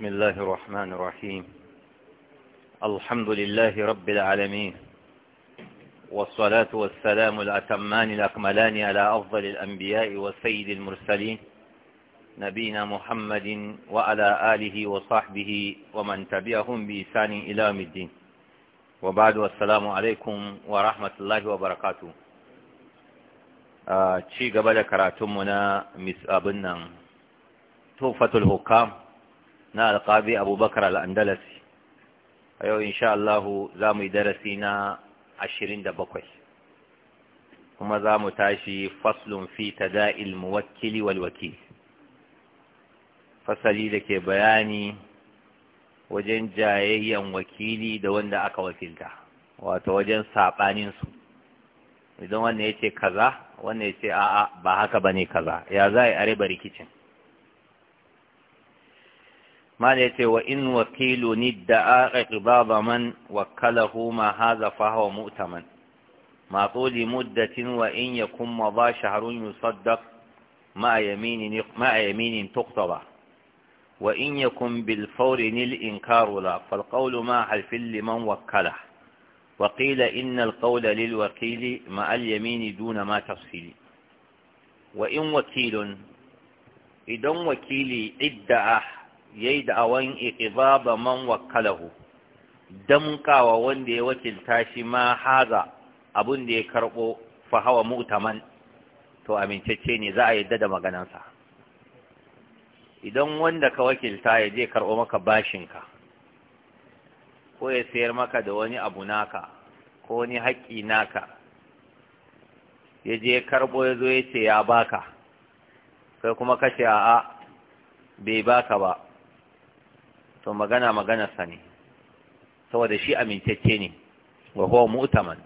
بسم الله الرحمن الرحيم الحمد لله رب العالمين والصلاة والسلام الأتمان الأكملان على أفضل الأنبياء والسيد المرسلين نبينا محمد وعلى آله وصحبه ومن تبعهم بإسان إلى الدين وبعد والسلام عليكم ورحمة الله وبركاته آه، شيء قبل كراتمنا مسابنا توفة الحكام na alƙabi abubakar al'andalasi a yau insha Allahu za mu yi darasi na ashirin da bakwai kuma za mu tashi faslun fi da muwakkili walwaki fasali da ke bayani wajen jayayyan wakili da wanda aka wakilta wato wajen saɓaninsu idan wannan ya ce kaza wannan ya ce a'a ba haka ba ne kaza ya za a yi are bari rikicin ما ليتي وإن وكيل ندعى غضاب من وكله ما هذا فهو مؤتمن مع طول مدة وإن يكن مضى شهر يصدق مع يمين, مع يمين تقتضى وإن يكن بالفور للإنكار لا فالقول مع حلف لمن وكله وقيل إن القول للوكيل مع اليمين دون ما تفصيل وإن وكيل إذا وكيل ادعى yayi da'awan iqbaba man wakkalahu damkawa wanda ya wakilta shi ma haza abun da ya karɓo fa hawa mu'taman to amincacce ne za a yadda da maganansa idan wanda ka wakilta ya je karbo maka bashinka ko ya sayar maka da wani abu naka ko wani haƙƙi naka ya je karbo ya zo ya ce ya baka kai kuma kashe a'a bai baka ba to magana maganarsa ne saboda shi amintacce ne wa huwa mu'taman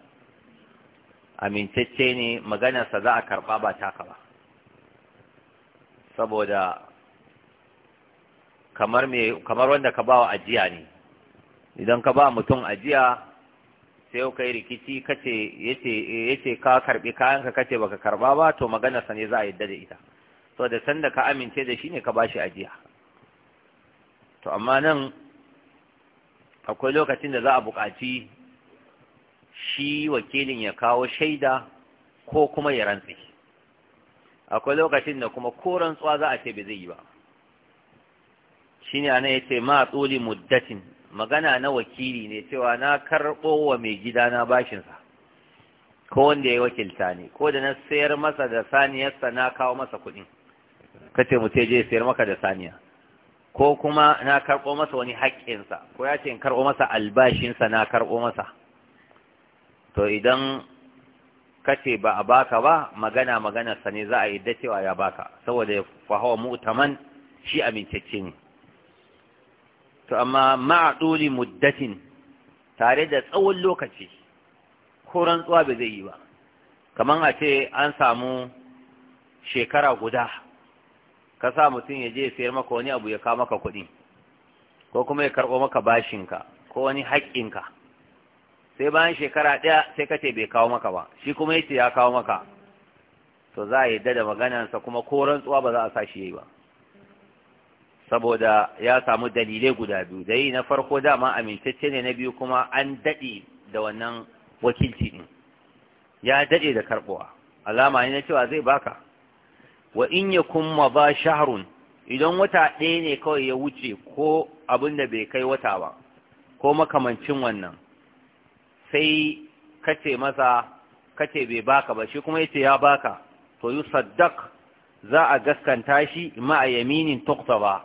amintacce ne maganarsa za a karba ba taka ba saboda kamar me kamar wanda ka ba wa ajiya ne idan ka ba mutum ajiya sai yi rikici kace yace yace ka karbi kayanka kace baka karba ba to maganarsa ne za a yadda da ita saboda sanda ka amince da shi ne ka bashi ajiya to amma nan akwai lokacin da za a buƙaci shi wakilin ya kawo shaida ko kuma ya rantse akwai lokacin da kuma ko rantsuwa za a ce bai zai yi ba ne ana yace ma tsoli muddatin magana na wakili ne cewa na karɓo wa mai gida na bashinsa ko wanda ya wakilta ne ko da na sayar masa da saniyarsa na kawo masa kuɗin ce mu je sayar maka da saniya ko kuma na karɓo masa wani haƙƙinsa ko ya ce in karɓo masa albashinsa na karɓo masa to idan ka ce ba a baka ba magana maganarsa ne za a yi dacewa ya baka saboda fahawa mutaman shi amincacce ne to amma ma'aduli muddatin tare da tsawon lokaci ko rantsuwa ba zai yi ba kamar a ce an samu shekara guda ka sa mutum ya je ya sayar maka wani abu ya kawo maka kuɗi ko kuma ya karɓo maka bashinka ko wani haƙƙinka sai bayan shekara ɗaya sai ka ce bai kawo maka ba shi kuma ya ce ya kawo maka to za a yadda da maganansa kuma ko rantsuwa ba za a sa shi ya yi ba saboda ya samu dalilai guda biyu da yi na farko dama amintacce ne na biyu kuma an daɗe da wannan wakilci ɗin ya daɗe da karɓuwa alama ne na cewa zai baka wa in yakun ba shaharun idan wata ɗaya ne kawai ya wuce ko abin da bai kai wata ba ko makamancin wannan sai kace masa kace bai baka ba shi kuma yace ya baka to yi saddaq za a gaskanta shi ma a yaminin ba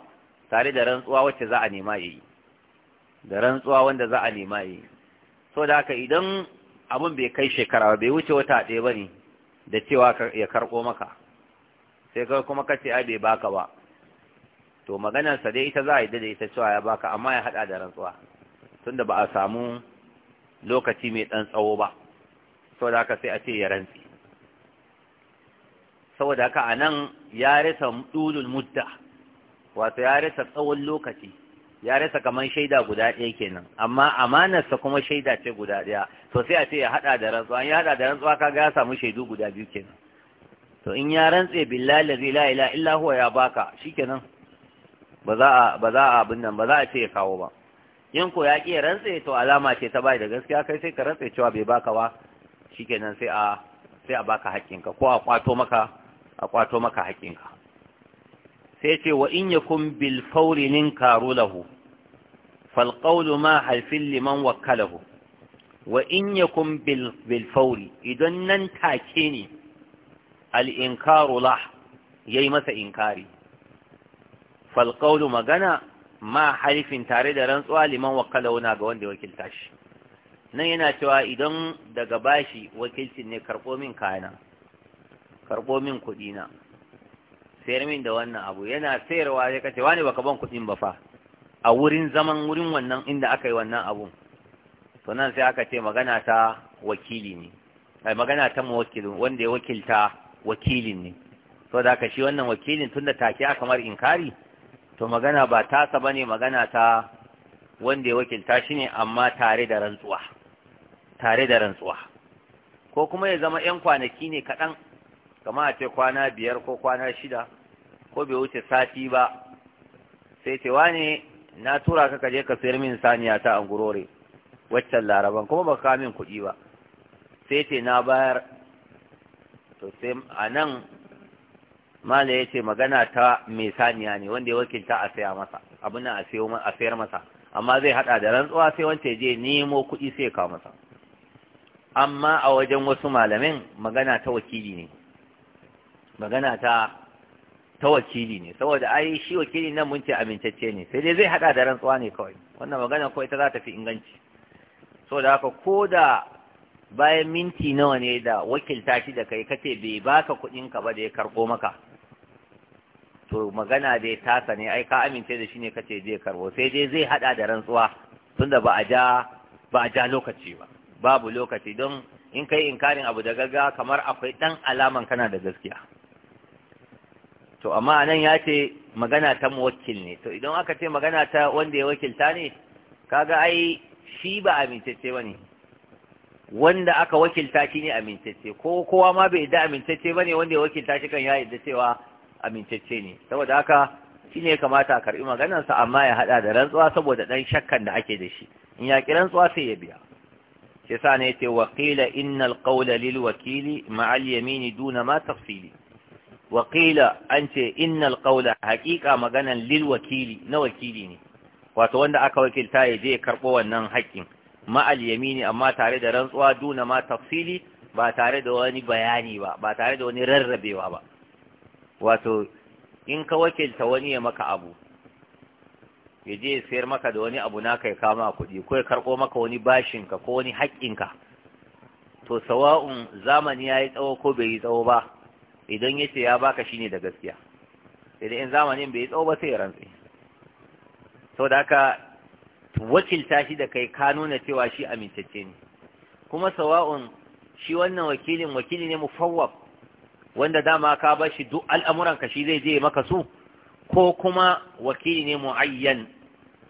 tare da rantsuwa wacce za a nema yi da rantsuwa wanda za a nema yi so da haka idan abin bai kai shekara ba bai wuce wata ɗaya bane da cewa ya karɓo maka sai kai kuma kace ai bai baka ba to maganar sa dai ita za a yi da ita cewa ya baka amma ya hada da rantsuwa tunda ba a samu lokaci mai dan tsawo ba saboda haka sai a ce ya rantsi saboda haka anan ya rasa dulul mudda wato ya rasa tsawon lokaci ya rasa kamar shaida guda ɗaya kenan amma amanarsa kuma shaida ce guda ɗaya to sai a ce ya haɗa da rantsuwa ya haɗa da rantsuwa kaga ya samu shaidu guda biyu kenan to in ya rantse billahi la ilaha illa ya baka shikenan ba za a ba za a abin nan ba za a ce ya kawo ba in ko ya ki rantse to alama ce ta bai da gaskiya kai sai ka rantse cewa bai baka ba shikenan sai a sai a baka haƙƙinka ko a kwato maka a kwato maka haƙƙinka sai ce wa in yakum bil fawri lin lahu fal qawlu ma halfin liman wakkalahu wa in yakun bil fawri idan nan take ne al'inkaru lah ya yi masa inkari falƙaulu magana ma halifin tare da rantsuwa liman wakalauna ga wanda wakilta shi nan yana cewa idan daga bashi wakilcin ne karɓo min kayana karɓo min kuɗina sayar min da wannan abu yana sayarwa ya kace wani baka ban kuɗin ba fa a wurin zaman wurin wannan inda aka yi wannan abun to nan sai aka ce magana ta wakili ne ai magana ta muwakkilin wanda ya wakilta wakilin ne da ka shi wannan wakilin tunda take a kamar inkari to magana ba tasa ne magana ta wanda ya wakilta shi ne amma tare da rantsuwa tare da rantsuwa ko kuma ya zama 'yan kwanaki ne kaɗan kama a ce kwana biyar ko kwana shida ko bai wuce sati ba sai ce wane na tura ka kaje ka sayar min saniya ta angurore waccan laraban kuma ba ka min kuɗi ba sai ce na bayar to sai a nan mala ya ce magana ta mai saniya ne wanda ya wakilta a saya masa abin nan a sayar masa amma zai hada da rantsuwa sai wance je nemo kuɗi sai ya kawo masa amma a wajen wasu malamin magana ta wakili ne magana ta ta wakili ne saboda ai shi wakili nan mun ce amintacce ne sai dai zai hada da rantsuwa ne kawai wannan magana ko ta za ta fi inganci saboda haka ko da bayan minti nawa ne da wakilta shi da kai kace bai baka kuɗin ka ba da ya karbo maka to magana dai tasa ne ai ka amince da shi ne kace zai karbo sai dai zai haɗa da rantsuwa tunda ba a ja ba a ja lokaci ba babu lokaci don in kai inkarin abu da gaggawa kamar akwai ɗan alaman kana da gaskiya to amma anan ya ce magana ta muwakkil ne to idan aka ce magana ta wanda ya wakilta ne kaga ai shi ba amince ba ne wanda aka wakilta shi ne amintacce ko kowa ma bai da amintacce bane wanda ya wakilta shi kan ya yi da cewa amintacce ne saboda haka shine kamata a karbi maganarsa amma ya hada da rantsuwa saboda ɗan shakkan da ake da shi in ya ki rantsuwa sai ya biya shi sa ne yace wa qila innal qawla lil wakili ma'a al yamin duna ma tafsili wa qila an ce innal qawla haqiqa maganan lil wakili na wakili ne wato wanda aka wakilta ya je karbo wannan haƙƙin ma'al yamini amma tare da rantsuwa duna ma tafsili ba tare da wani bayani ba ba tare da wani rarrabewa ba wato in ka wakilta wani ya maka abu ya je sayar maka da wani abu naka ya kama kuɗi ko ya karɓo maka wani bashinka ko wani haƙƙinka to sawa'un zamani ya yi tsawo ko bai yi tsawo ba idan ya ce ya baka shine da gaskiya idan in zamanin bai yi tsawo ba sai ya rantse sau da haka wakilta shi da kai ka nuna cewa shi amintacce ne kuma sawa'un shi wannan wakilin wakili ne mufawwaf wanda dama ka ba shi duk al'amuran ka shi zai je maka su ko kuma wakili ne mu'ayyan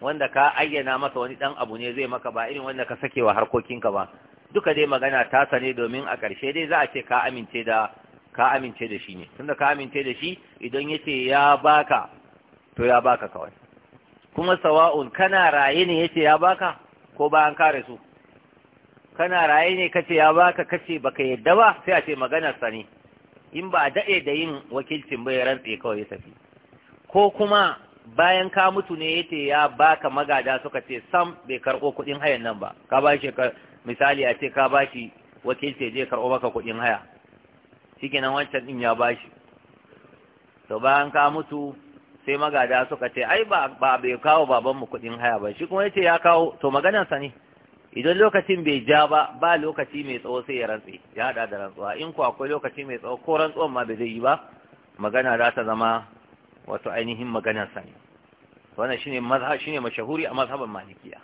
wanda ka ayyana masa wani dan abu ne zai maka ba irin wanda ka sake sakewa ka ba duka dai magana ta ne domin a ƙarshe dai za a ce ka amince da ka amince da shi ne tunda ka amince da shi idan yace ya baka to ya baka kawai kuma sawa'un kana raye ne yace ya baka ko bayan ka rasu kana raye ne kace ya baka kace baka yadda ba sai a ce maganar sa ne in ba a daɗe da yin wakilcin bai rantse kawai ya tafi ko kuma bayan ka mutu ne yace ya baka magada suka ce sam bai karɓo kuɗin hayan nan ba ka ba shi misali a ce ka ba shi wakilci zai karɓo maka kuɗin haya shikenan wancan din ya ba shi to bayan ka mutu sai magada suka ce ai ba ba bai kawo babanmu kuɗin haya ba shi kuma yace ya kawo to maganarsa ne idan lokacin bai ja ba ba lokaci mai tsawo sai ya rantse ya hada da rantsuwa in ku akwai lokaci mai tsawo ko rantsuwan ma bai zai yi ba magana za ta zama wato ainihin maganarsa ne wannan shine mazhab shine mashahuri a mazhaban malikiya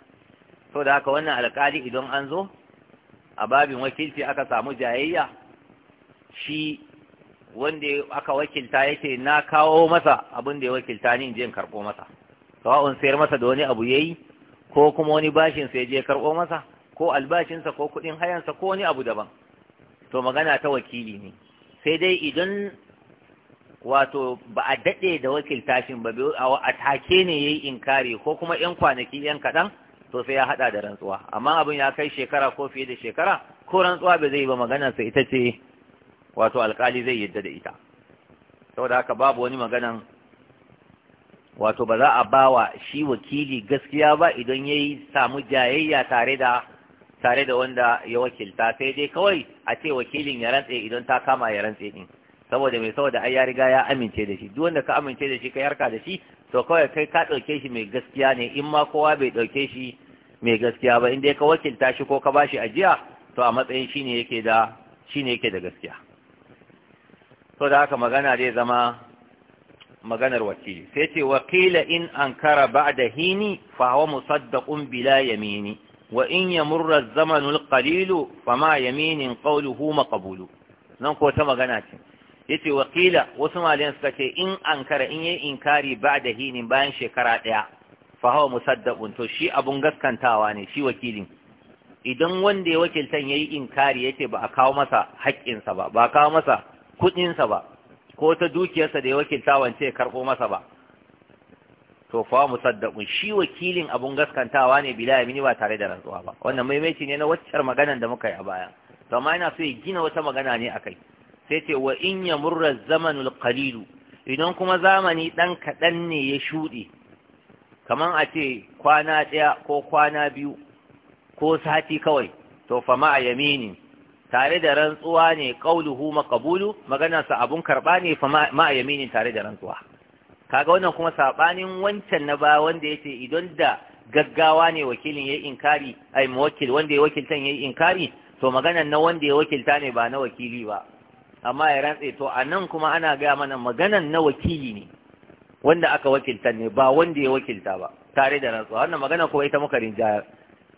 to da haka wannan alƙali idan an zo a babin wakilci aka samu jayayya shi wanda aka wakilta yake na kawo masa abin da ya wakilta ni je karɓo masa sawa'un sayar masa da wani abu yayi ko kuma wani bashin sai je karɓo masa ko albashinsa ko kuɗin sa ko wani abu daban to magana ta wakili ne sai dai idan wato ba a dade da wakilta shin ba a take ne yayi inkari ko kuma yan kwanaki yan kaɗan to sai ya haɗa da rantsuwa amma abin ya kai shekara ko fiye da shekara ko rantsuwa ba zai ba maganarsa ita ce wato alkali zai yadda da ita saboda haka babu wani maganan wato ba za a ba wa shi wakili gaskiya ba idan ya yi samu jayayya tare da tare da wanda ya wakilta sai dai kawai a ce wakilin ya rantse idan ta kama ya rantse din saboda mai saboda ai ya riga ya amince da shi duk wanda ka amince da shi ka yarka da shi to kawai kai ka ɗauke shi mai gaskiya ne in ma kowa bai ɗauke shi mai gaskiya ba in dai ka wakilta shi ko ka bashi ajiya to a matsayin shine yake da shine yake da gaskiya so da haka magana zai zama maganar wakili sai ce wakila in ankara ba'da hini fa huwa musaddaqun bila yamini wa in yamurra zamanul qalil fa ma yaminin qawluhu maqbulu nan ko ta magana ce yace wakila wasu malayan suka ce in ankara in yayi inkari ba'da hini bayan shekara ɗaya. fa huwa musaddaqun to shi abun gaskantawa ne shi wakilin idan wanda ya wakiltan yayi inkari yace ba a kawo masa haƙƙinsa ba ba a kawo masa Kudinsa ba ko ta dukiyarsa da ya wakilta wance ya karɓo masa ba to fa musaddaqun shi wakilin abun gaskantawa ne bila yamini ba tare da rantsuwa ba wannan maimaici ne na waccar magana da muka yi a baya to amma yana so ya gina wata magana ne akai sai ce wa in yamurra zamanul qalil idan kuma zamani dan kadan ne ya shuɗe kaman a ce kwana ɗaya ko kwana biyu ko sati kawai to fa ma yamini tare da rantsuwa ne kauluhu maqbulu magana sa abun karba ne fa ma yaminin tare da rantsuwa kaga wannan kuma sabanin wancan na ba wanda yace idan da gaggawa ne wakilin yayi inkari ai muwakkil wanda ya wakiltan yayi inkari to maganar na wanda ya wakilta ne ba na wakili ba amma ya rantse to anan kuma ana ga mana maganan na wakili ne wanda aka wakiltan ne ba wanda ya wakilta ba tare da rantsuwa wannan magana ko ita muka rinjayar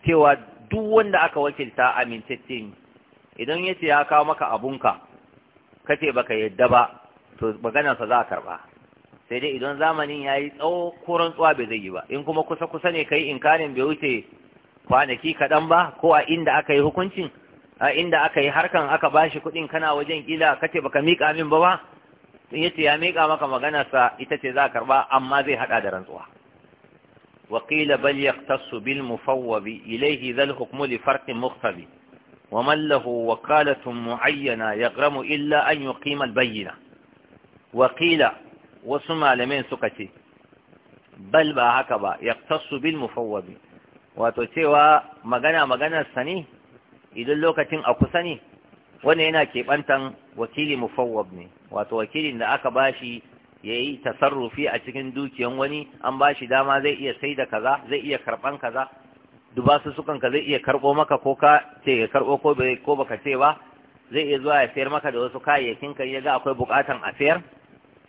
cewa duk wanda aka wakilta amintacce ne idan ya ce ya kawo maka abunka kace baka yadda ba to maganarsa za a karɓa sai dai idan zamanin ya yi tsawo ko rantsuwa bai zai yi ba in kuma kusa kusa ne kai kanin bai wuce kwanaki kaɗan ba ko a inda aka yi hukuncin a inda aka yi harkan aka ba shi kuɗin kana wajen kila kace baka miƙa min ba ba in ce ya miƙa maka maganarsa ita ce za a karɓa amma zai haɗa da rantsuwa وقيل بل يختص بالمفوض إليه ذا الحكم لفرق مختلف ومن له وكالة معينة يغرم إلا أن يقيم البينة وقيل وسمى لمن سكتي بل با هكذا يقتص بالمفوض وتتوى مغنى مغنى السني إذا لوكة أكو سني wanda yana keɓantan wakili mufawwab ne wato wakilin da aka bashi ya yi tasarrufi a cikin dukiyan wani an bashi dama zai iya sai da kaza zai iya karɓan kaza duba sukan ka zai iya karɓo maka ko ka ce ya karɓo ko bai ko baka ce ba zai iya zuwa ya sayar maka da wasu kayayyakin ka ya akwai buƙatan a sayar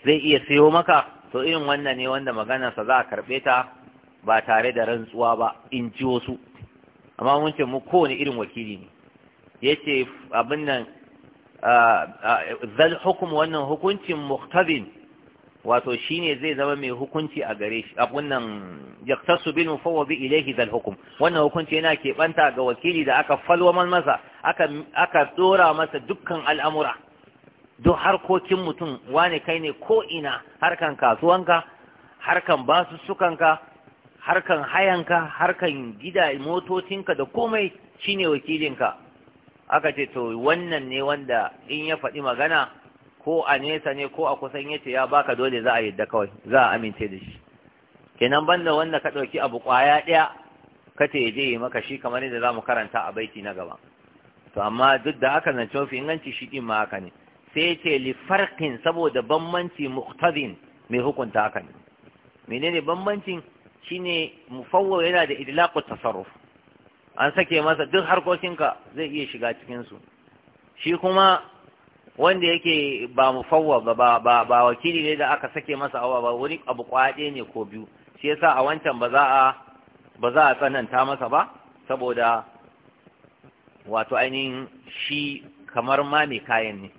zai iya sayo maka to irin wannan ne wanda sa za a karɓe ta ba tare da rantsuwa ba in ji wasu amma mun ce mu kowane irin wakili ne yace abin nan zal hukum wannan hukuncin muktabin wato shine zai zama mai hukunci a gare shi a abunan yaktasu bil mufawwidi ilayhi zal hukm wannan hukunci yana kebanta ga wakili da aka falwaman masa aka aka masa dukkan al'amura duk harkokin mutum wane kai ne ko ina harkan kasuwanka harkan sukanka harkan hayanka harkan gida motocinka da komai shine wakilinka aka ce to wannan ne wanda in ya faɗi magana ko a nesa ne ko a kusan yace ya baka dole za a yadda kawai za a amince da shi kenan banda wanda ka ɗauki abu kwaya ɗaya ka ta je yi maka shi kamar yadda za mu karanta a baiti na gaba to amma duk da haka zance cewa inganci shi ɗin ma haka ne sai yace li farqin saboda bambanci muqtadin mai hukunta haka ne menene bambancin shine mufawwal yana da idlaqu tasarruf an sake masa duk harkokinka zai iya shiga cikin su shi kuma wanda yake ba mufawwad ba ba ba wakili ne da aka sake masa awa ba wani abu kwaɗe ne ko biyu shi yasa a wancan ba za a ba za a tsananta masa ba saboda wato ainihin shi kamar ma mai kayan ne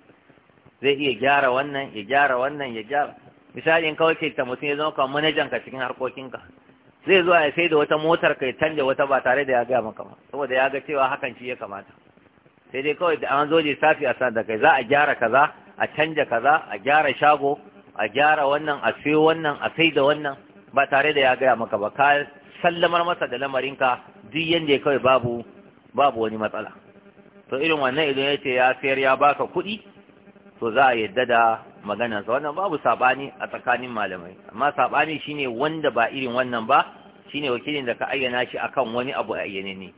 zai iya gyara wannan ya gyara wannan ya gyara misali in kawai ta mutum ya zama kamar manajan ka cikin harkokinka zai zuwa ya sai da wata motar ka ya canja wata ba tare da ya gaya maka ba saboda ya ga cewa hakan shi ya kamata sai dai kawai da an zo safi a san da kai za a gyara kaza a canja kaza a gyara shago a gyara wannan a sayo wannan a sai da wannan ba tare da ya gaya maka ba ka sallamar masa da lamarinka duk yanda ya kawai babu babu wani matsala to irin wannan idan ya ce ya sayar ya baka kuɗi to za a yadda da maganarsa wannan babu saɓani a tsakanin malamai amma saɓani shine wanda ba irin wannan ba shine wakilin da ka ayyana shi akan wani abu a ayyane ne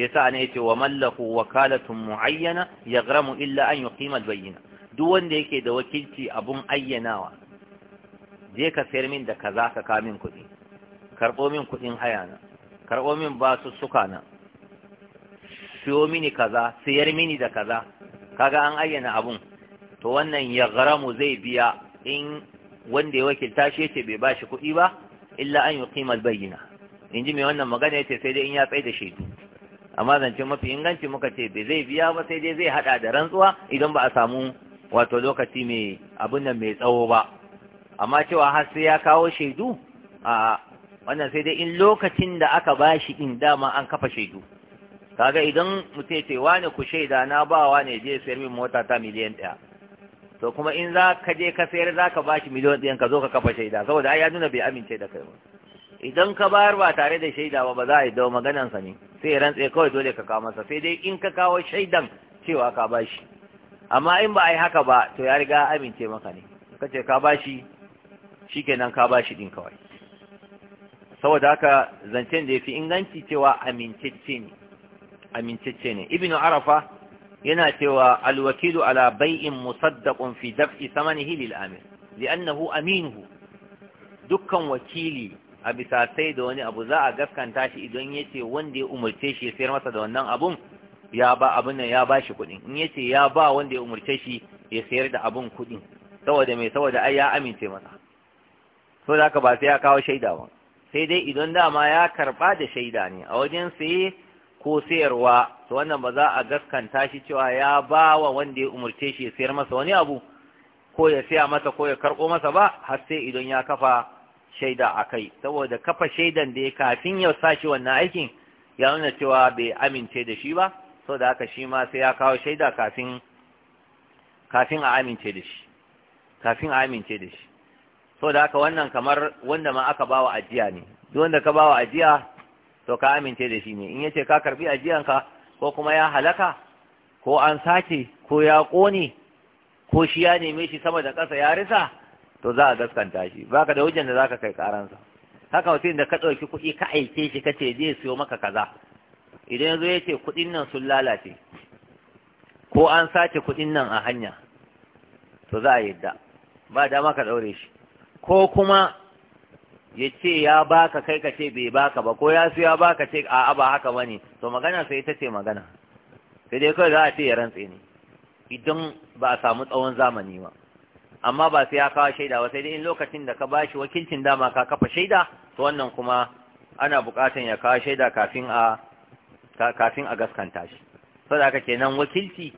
Ya yasa ne yace wa mallahu wakalatun muayyana yagramu illa an yuqima albayna duk wanda yake da wakilci abun ayyanawa je ka sayar min da kaza ka ka min kuɗi karɓo min kuɗin haya na karɓo min basu suka na siyo mini kaza sayar mini da kaza kaga an ayyana abun to wannan yaghramu zai biya in wanda ya wakilta shi yace bai bashi kuɗi ba illa an yuqima albayna in ji mai wannan magana yace sai dai in ya tsaye da shaidu amma zance mafi inganci muka ce bai zai biya ba sai dai zai hada da rantsuwa idan ba a samu wato lokaci mai abin nan mai tsawo ba amma cewa har sai ya kawo shaidu a wannan sai dai in lokacin da aka ba shi in dama an kafa shaidu kaga idan mutum ce wane ku shaida na ba wane je sayar min mota ta miliyan ɗaya to kuma in za ka je ka sayar za ka ba shi miliyan ɗayan ka zo ka kafa shaida saboda ai ya nuna bai amince da kai ba idan ka bayar ba tare da shaida ba ba za a yi dawo maganansa ne sai rantse kawai dole ka kawo masa sai dai in ka kawo shaidan cewa ka bashi amma in ba a yi haka ba to ya riga amince maka ne ka ce ka bashi shikenan ka bashi din kawai saboda haka zancen da ya fi inganci cewa amintacce ne amintacce ne ibnu arafa yana cewa alwakilu ala bai'in musaddaqun fi daf'i samanihi lil amir li'annahu aminuhu dukkan wakili a bisa sai da wani abu za a gaskanta shi idan ya ce wanda ya umarce shi ya sayar masa da wannan abun ya ba abun nan ya ba shi kuɗin in ya ce ya ba wanda ya umarce shi ya sayar da abun kuɗin saboda mai saboda ai ya amince masa so da ba sai ya kawo shaida ba sai dai idan dama ya karba da shaida ne a wajen saye ko sayarwa to wannan ba za a gaskanta shi cewa ya ba wa wanda ya umarce shi ya sayar masa wani abu ko ya siya masa ko ya karɓo masa ba har sai idan ya kafa shaida a kai saboda kafa shaidan da ya kafin ya sa wannan aikin ya nuna cewa bai amince da shi ba sau da haka shi ma sai ya kawo shaida kafin a amince da shi kafin a amince da shi sau da haka wannan kamar wanda ma aka bawa ajiya ne duk wanda ka bawa ajiya to ka amince da shi ne in yace ka karbi ajiyanka ko kuma ya halaka ko an sake, ko ya kone ko shi ya neme shi sama da ƙasa ya risa to za a gaskanta shi baka da hujjan da zaka kai karansa haka mutum da ka ɗauki kuɗi ka aike shi ka ce zai siyo maka kaza idan yazo yace ya ce kuɗin nan sun lalace ko an sace kuɗin nan a hanya to za a yadda ba dama ka ɗaure shi ko kuma ya ce ya baka kai ka ce bai baka ba ko ya su ya baka ce a ba haka bane to magana sai ta ce magana sai dai kawai za a ce ya rantse ne idan ba a samu tsawon zamani ba amma ba sai ya kawo shaida ba sai dai in lokacin da ka ba shi wakilcin dama ka kafa shaida to wannan kuma ana buƙatan ya kawo shaida kafin a kafin a gaskanta shi saboda haka kenan wakilci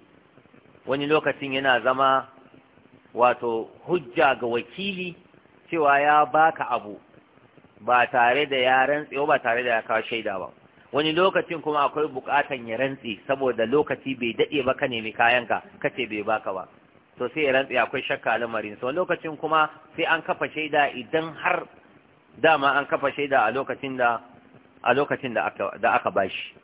wani lokacin yana zama wato hujja ga wakili cewa ya baka abu ba tare da ya rantse ba tare da ya kawo shaida ba wani lokacin kuma akwai buƙatan ya rantse saboda lokaci bai daɗe ba ka nemi kayanka kace bai baka ba to sai ya rantsi akwai shakka lamarin sa lokacin kuma sai an kafa shaida idan har dama an kafa shaida a lokacin da aka ba shi. bashi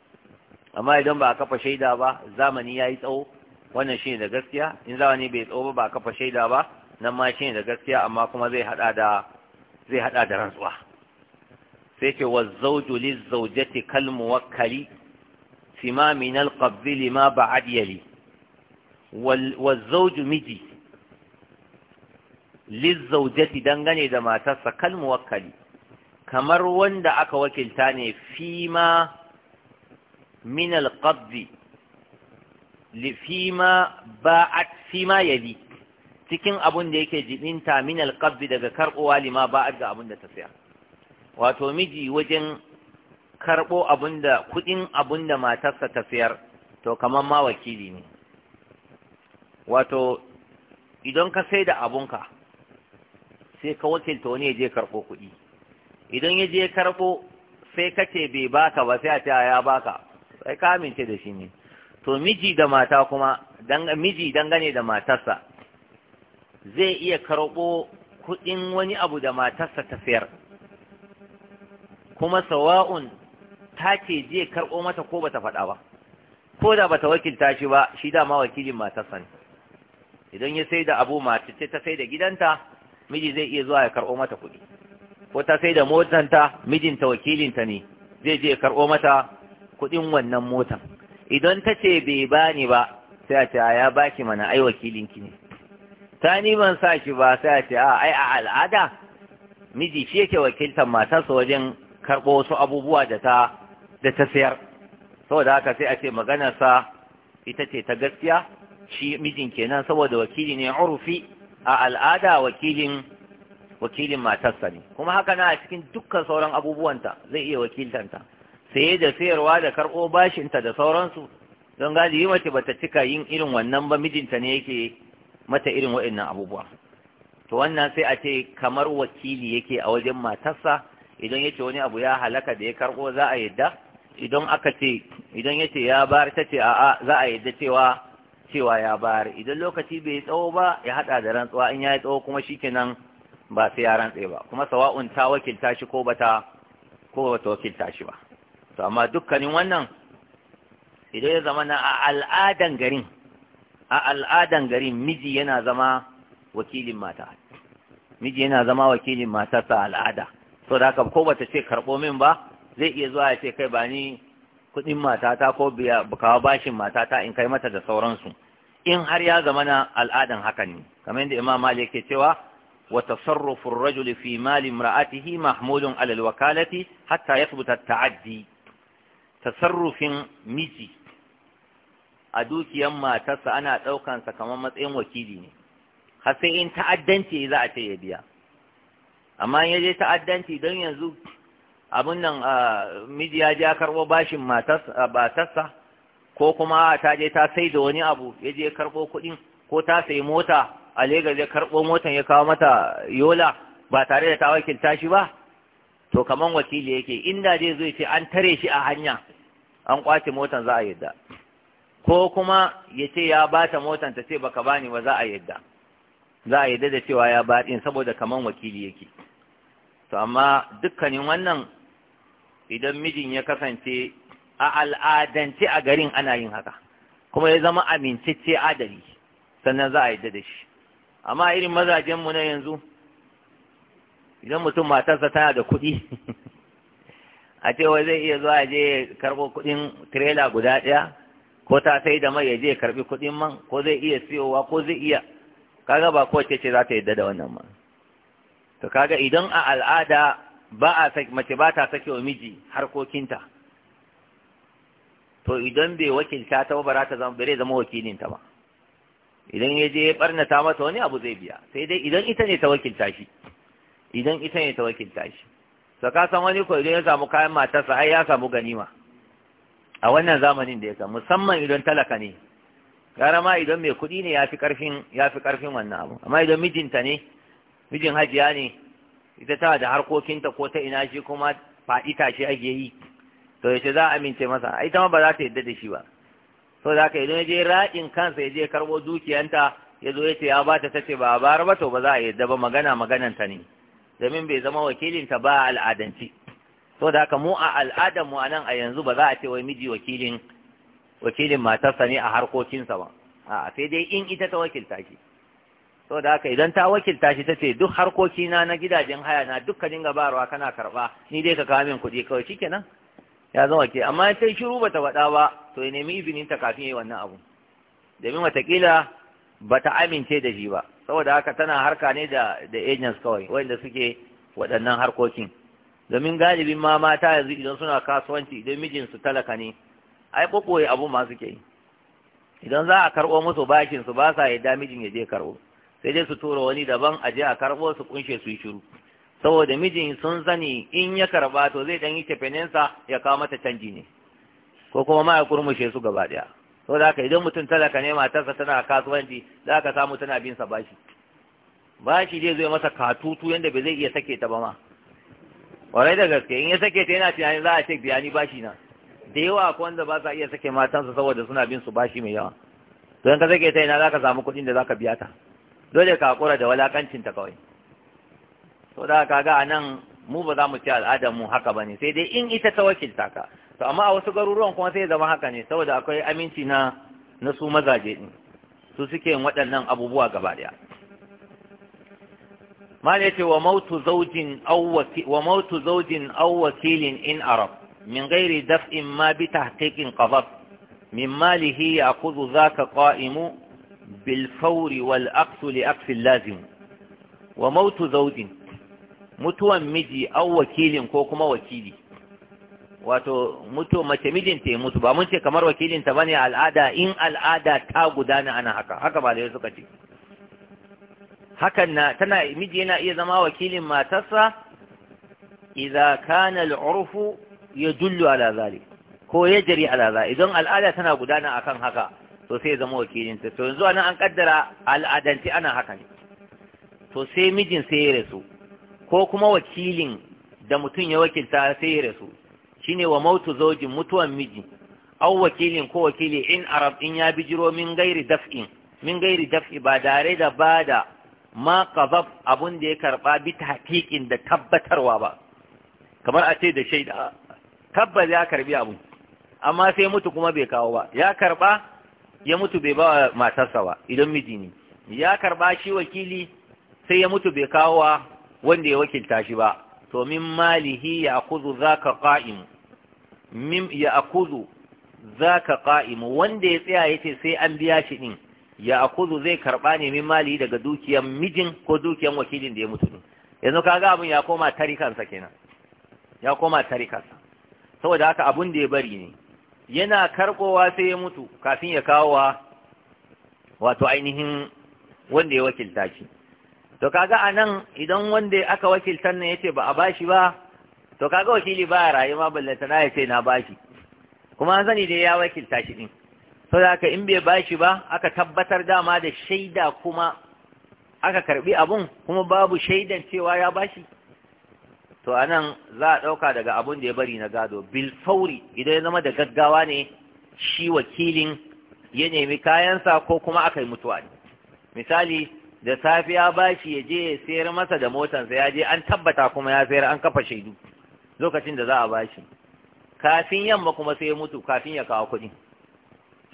amma idan ba a kafa shaida ba zamani yayi tsawo wannan shine da gaskiya in zamani bai tsawo ba ba a kafa shaida ba nan ma shine da gaskiya amma kuma zai hada da zai hada da rantsuwa sai ke wa zawju liz kalmu wakali. muwakkali sima min al lima wazzauju miji lizzaujati dangane da matarsa kal muwakkali kamar wanda aka wakilta ne fima yali cikin abun da yake jibinta min alqabdi daga karbuwa lima ba'at ga abun da ta saya wato miji wajen karbo abun da kudin abun da matarsa ta sayar to kamar ma wakili ne wato idan ka sai da abunka sai ka wakilta wani ya je karɓo kuɗi idan ya je karɓo sai ka ce bai baka ba sai a ce ya baka sai ka amince da shi ne to miji da mata kuma miji dangane da matarsa zai iya karɓo kuɗin wani abu da matarsa ta sayar kuma sawa'un ta ce je karɓo mata ko ba ta faɗa ba ko da bata wakilta shi ba shi dama wakilin matarsa ne idan ya sai da abu mace ce ta sai da gidanta miji zai iya zuwa ya karɓo mata kuɗi ko ta sai da motanta mijinta wakilinta ne zai je ya karɓo mata kuɗin wannan motan idan ta ce bai bani ba sai a ce ya baki mana ai wakilinki ne ta ni ban sa ki ba sai a ce a ai a al'ada miji shi yake wakiltar matarsa wajen karɓo wasu abubuwa da ta da ta sayar saboda haka sai a ce maganarsa ita ce ta gaskiya shi mijin kenan saboda wakili ne urufi a al'ada wakilin wakilin matarsa ne kuma haka na a cikin dukkan sauran abubuwanta zai iya wakiltanta saye da sayarwa da karɓo bashinta da sauransu don gadi yi mace bata cika yin irin wannan ba mijinta ne yake mata irin waɗannan abubuwa to wannan sai a ce kamar wakili yake a wajen matarsa idan yace wani abu ya halaka da ya karɓo za a yadda idan aka ce idan yace ya bar ta ce a'a za a yadda cewa cewa ya bayar idan lokaci bai yi tsawo ba ya haɗa da rantsuwa in ya yi tsawo kuma shikenan ba sai ya rantse ba kuma sawa'un ta wakilta shi ko bata ko bata wakilta shi ba to amma dukkanin wannan idan ya zama na a al'adan garin a al'adan garin miji yana zama wakilin mata miji yana zama wakilin matarsa al'ada so da haka ko bata ce karɓo min ba zai iya zuwa ya ce kai ba ni kuɗin matata ko biya kawo bashin matata in kai mata da sauransu in har ya zama na al'adan hakan ne kamar yadda imam malik yake cewa wa tasarrufu rajuli fi mali imra'atihi mahmudun alal wakalati hatta yathbuta at-ta'addi tasarrufin miji a dukiyar matarsa ana ɗaukan sa kamar matsayin wakili ne har sai in ta'addanci za a ce ya biya amma in ya je ta'addanci don yanzu Abun nan miji ya ja karɓo bashin matarsa ko kuma ta je ta sai da wani abu ya je karɓo kuɗin ko ta sai mota a Legas ya karɓo motan ya kawo mata yola ba tare da ta wakilta shi ba to kaman wakili yake inda zai ce an tare shi a hanya an kwace motan za a yadda ko kuma ya ce ya bata motan ta ce baka bani ba za a yadda za a yadda da cewa ya ɗin saboda kaman wakili yake to amma dukkanin wannan idan mijin ya kasance a al'adance a garin ana yin haka kuma ya zama amincicce adali sannan za a yadda da shi amma irin mazajenmu na yanzu idan mutum matarsa tana da kuɗi a cewa zai iya zuwa je karɓo kuɗin tirela guda ɗaya ko ta sai da mai ya je karɓi kuɗin man ko zai iya siyowa ko zai iya kaga ba kowace ce za ta yadda da wannan ma to kaga idan a al'ada ba a saki mace ba ta sake wa miji harkokinta to idan bai wakilta ta ba ta zama bare zama wakilin ta ba idan ya je ya ta mata wani abu zai biya sai dai idan ita ne ta wakilta shi idan ita ne ta wakilta shi to ka san wani ko idan ya samu kayan matarsa ai ya samu ganima a wannan zamanin da ya samu musamman idan talaka ne gara ma idan mai kuɗi ne ya fi ƙarfin wannan abu amma idan mijinta ne mijin hajiya ne ita tana da harkokinta ko ta ina shi kuma faɗi tashi ake yi to yace za a amince masa ita ma ba za ta yadda da shi ba so da yi idan ya je raɗin kansa ya je karɓo dukiyanta ya zo ya ce ya ba ta ce ba a bara ba to ba za a yadda ba magana ta ne domin bai zama wakilinta ba a al'adance so da haka mu a al'adar mu a nan a yanzu ba za a ce wai miji wakilin wakilin matarsa ne a harkokinsa ba a sai dai in ita ta wakilta shi saboda haka idan ta wakilta shi ta ce duk harkokina na gidajen haya na duk ka dinga bayarwa kana karba ni dai ka kawo min kuɗi kawai shikenan ya zama ke amma sai shiru bata faɗa ba to ya nemi izinin ta kafin yi wannan abu domin watakila ta amince da shi ba saboda haka tana harka ne da da agents kawai wanda suke waɗannan harkokin domin galibin ma mata yanzu idan suna kasuwanci idan mijinsu talaka ne ai kokoye abu ma suke yi idan za a karɓo musu bashin su ba sa yadda mijin ya je karɓo sai dai su tura wani daban a je a karɓo su kunshe su yi shiru saboda mijin sun sani in ya karɓa to zai ɗan yi kefenensa ya kawo mata canji ne ko kuma ma ya kurmushe su gaba ɗaya to da haka idan mutum talaka ne matarsa tana kasuwanci za ka samu tana bin sa bashi bashi zai zo masa katutu yanda ba zai iya sake ta ba ma kwarai da gaske in ya sake ta yana tunanin za a ce biya ni bashi na da yawa akwai wanda ba sa iya sake matansa saboda suna bin su bashi mai yawa to ka sake ta ina za ka samu kuɗin da za ka biya ta dole ka kura da walakancin ta kawai to da kaga anan mu ba za mu ci al'adar mu haka bane sai dai in ita ta wakilta ka to amma a wasu garuruwan kuma sai zama haka ne saboda akwai aminci na na su mazaje din su suke yin waɗannan abubuwa gaba daya mal yace wa mautu zawjin aw wa mautu zawjin aw wakilin in arab min ghairi daf'in ma bi tahqiqin qadab min malihi ya'khudhu dhaka qa'imu بالفور والأقص لأقص اللازم وموت زوج mutuwan miji أو wakilin ko kuma wakili wato mutu mace mijinta ya mutu ba mun ce kamar wakilinta bane al'ada in al'ada ta gudana ana haka haka ba da suka ce hakan na tana miji yana iya zama wakilin matarsa idza kana al'urfu yadullu ala zalik ko yajri ala zalik idan al'ada tana gudana akan haka to sai zama wakilinta to yanzu anan an kaddara al'adanci ana haka ne to sai mijin sai ya rasu ko kuma wakilin da mutum ya wakilta sai ya rasu shine wa mautu zaujin mutuwan miji aw wakilin ko wakili in arab in ya bijiro min gairi daf'in min gairi daf'i ba dare da bada ma qadab abun da ya karba bi tahqiqin da tabbatarwa ba kamar a ce da shaida tabbas ya karbi abun amma sai mutu kuma bai kawo ba ya karba ya mutu bai ba matarsa ba idan miji ne ya karba shi wakili sai ya mutu bai kawo wa wanda ya wakilta shi ba to min malihi ya akuzu ka qa'im min ya akuzu ka qa'im wanda ya tsaya ya ce sai an biya shi din ya akuzu zai karba ne min malihi daga dukiyan mijin ko dukiyan wakilin da ya mutu din yanzu kaga abin ya koma tarikansa kenan ya koma tarikansa saboda haka abun da ya bari ne yana karɓowa sai ya mutu kafin ya kawo wa wato ainihin wanda ya wakilta shi to kaga a nan idan wanda aka wakiltar nan ya ce ba a bashi ba to kaga wakili ba ya rayu ma ballantana ya ce na bashi kuma an sani da ya wakilta shi din to da aka in bai bashi ba aka tabbatar dama da shaida kuma aka karbi abun kuma babu shaidan cewa ya bashi to a nan za a ɗauka daga abun da ya bari na gado bil fauri idan ya zama da gaggawa ne shi wakilin ya nemi kayansa ko kuma aka yi mutuwa ne misali da safiya ba shi ya je ya sayar masa da motansa ya je an tabbata kuma ya sayar an kafa shaidu lokacin da za a ba shi kafin yamma kuma sai ya mutu kafin ya kawo kuɗi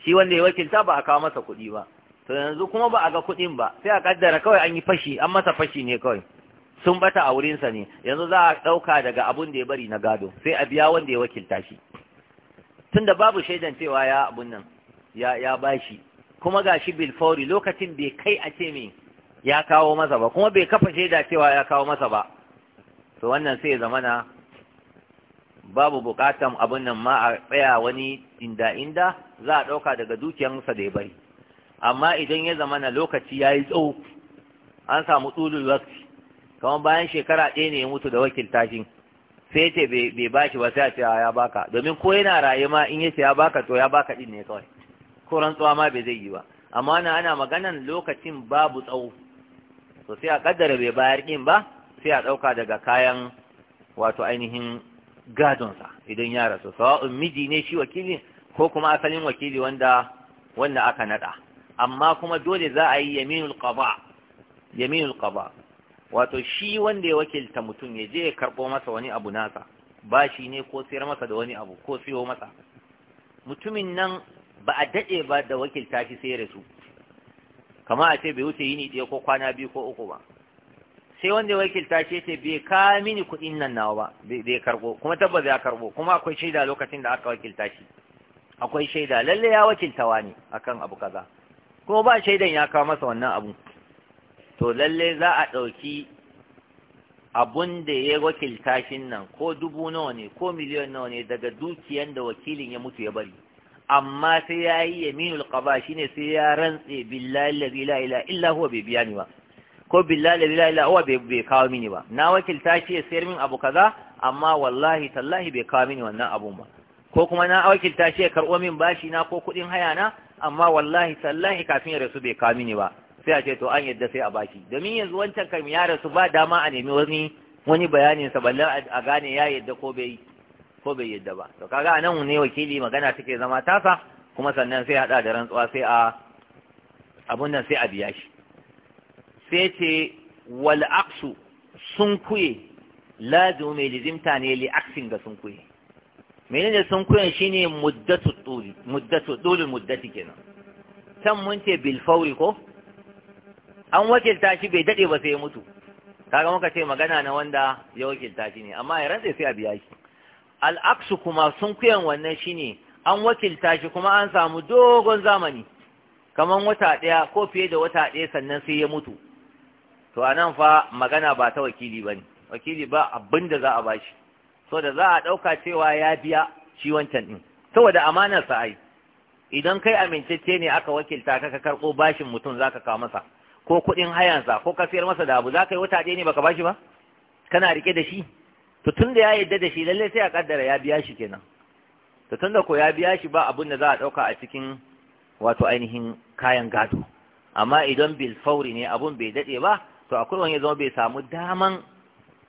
shi wanda ya wakilta ba a kawo masa kuɗi ba to yanzu kuma ba a ga kuɗin ba sai a kaddara kawai an yi fashi an masa fashi ne kawai sun bata a wurinsa ne yanzu za a ɗauka daga abun da ya bari na gado sai a biya wanda ya wakilta shi tunda babu shaidan cewa ya abun nan ya ya bashi kuma gashi shi fauri lokacin bai kai a ce me ya kawo masa ba kuma bai kafa shaida cewa ya kawo masa ba to wannan sai ya zamana babu bukatan abun nan ma a tsaya wani inda inda za a ɗauka daga dukiyarsa da ya bari amma idan ya zamana lokaci ya yi tsawo an samu tsulul wakti kamar bayan shekara ɗaya ne ya mutu da wakil shi sai ce bai ba shi ba sai a ce ya baka domin ko yana raye ma in yace ya baka to ya baka ɗin ne kawai ko rantsuwa ma bai zai yi ba amma na ana maganan lokacin babu tsawo to sai a kaddara bai bayar ɗin ba sai a ɗauka daga kayan wato ainihin gadonsa idan ya rasu sawa'un miji ne shi wakili ko kuma asalin wakili wanda wanda aka naɗa, amma kuma dole za a yi yaminul qada yaminul qada wato shi wanda ya wakilta mutum ya je ya karɓo masa wani abu nasa ba shi ne ko sayar masa da wani abu ko siyo masa mutumin nan ba a daɗe ba da wakilta shi sai rasu kama a ce bai wuce yini ɗaya ko kwana biyu ko uku ba sai wanda ya wakilta shi ce bai ka mini kuɗin nan nawa ba bai karɓo kuma tabbas ya karɓo kuma akwai shaida lokacin da aka wakilta shi akwai shaida lallai ya wakiltawa ne akan abu kaza kuma ba shaidan ya kawo masa wannan abu to lalle za a ɗauki abun da ya wakilta shi nan ko dubu nawa ne ko miliyan nawa ne daga dukiyan da wakilin ya mutu ya bari amma sai ya yi yaminul qaba shine sai ya rantse billahi la ilaha illa huwa bai biya ni ba ko billahi la ilaha huwa bai kawo mini ba na wakilta shi ya sayar min abu kaza amma wallahi tallahi bai kawo mini wannan abun ba ko kuma na wakilta shi ya karɓo min bashi na ko kuɗin haya na amma wallahi tallahi kafin ya rasu bai kawo mini ba sai a ce to an yadda sai a baki domin yanzu wancan kan ya rasu ba dama a nemi wani wani bayanin sa balle a gane ya yadda ko bai ko bai yadda ba to kaga anan ne wakili magana take zama tasa kuma sannan sai hada da rantsuwa sai a abun nan sai a biya shi sai ce wal aksu sun kuye lazumi lizimta ne li aqsin ga sun kuye menene sun kuyen shine muddatu tuli muddatu dulul muddati kenan can mun ce bil fauri ko an wakilta shi bai dade ba sai ya mutu kaga muka ce magana na wanda ya wakilta shi ne amma ya rantsa sai a biya shi al'aksu kuma sun kuyan wannan shine an wakilta shi kuma an samu dogon zamani kamar wata ɗaya ko fiye da wata ɗaya sannan sai ya mutu to a nan fa magana ba ta wakili ba ne wakili ba abin za a bashi so da za a ɗauka cewa ya biya shi wancan ɗin saboda amanar sa ai idan kai amintacce ne aka wakilta ka ka karɓo bashin mutum za ka kawo masa ko kuɗin hayansa ko ka siyar masa da abu za ka yi wata ɗaya ne baka bashi ba kana rike da shi to tun da ya yadda da shi lallai sai a kaddara ya biya shi kenan to tun da ko ya biya shi ba abun da za a dauka a cikin wato ainihin kayan gado amma idan bil fauri ne abun bai dade ba to akwai wani ya zama bai samu daman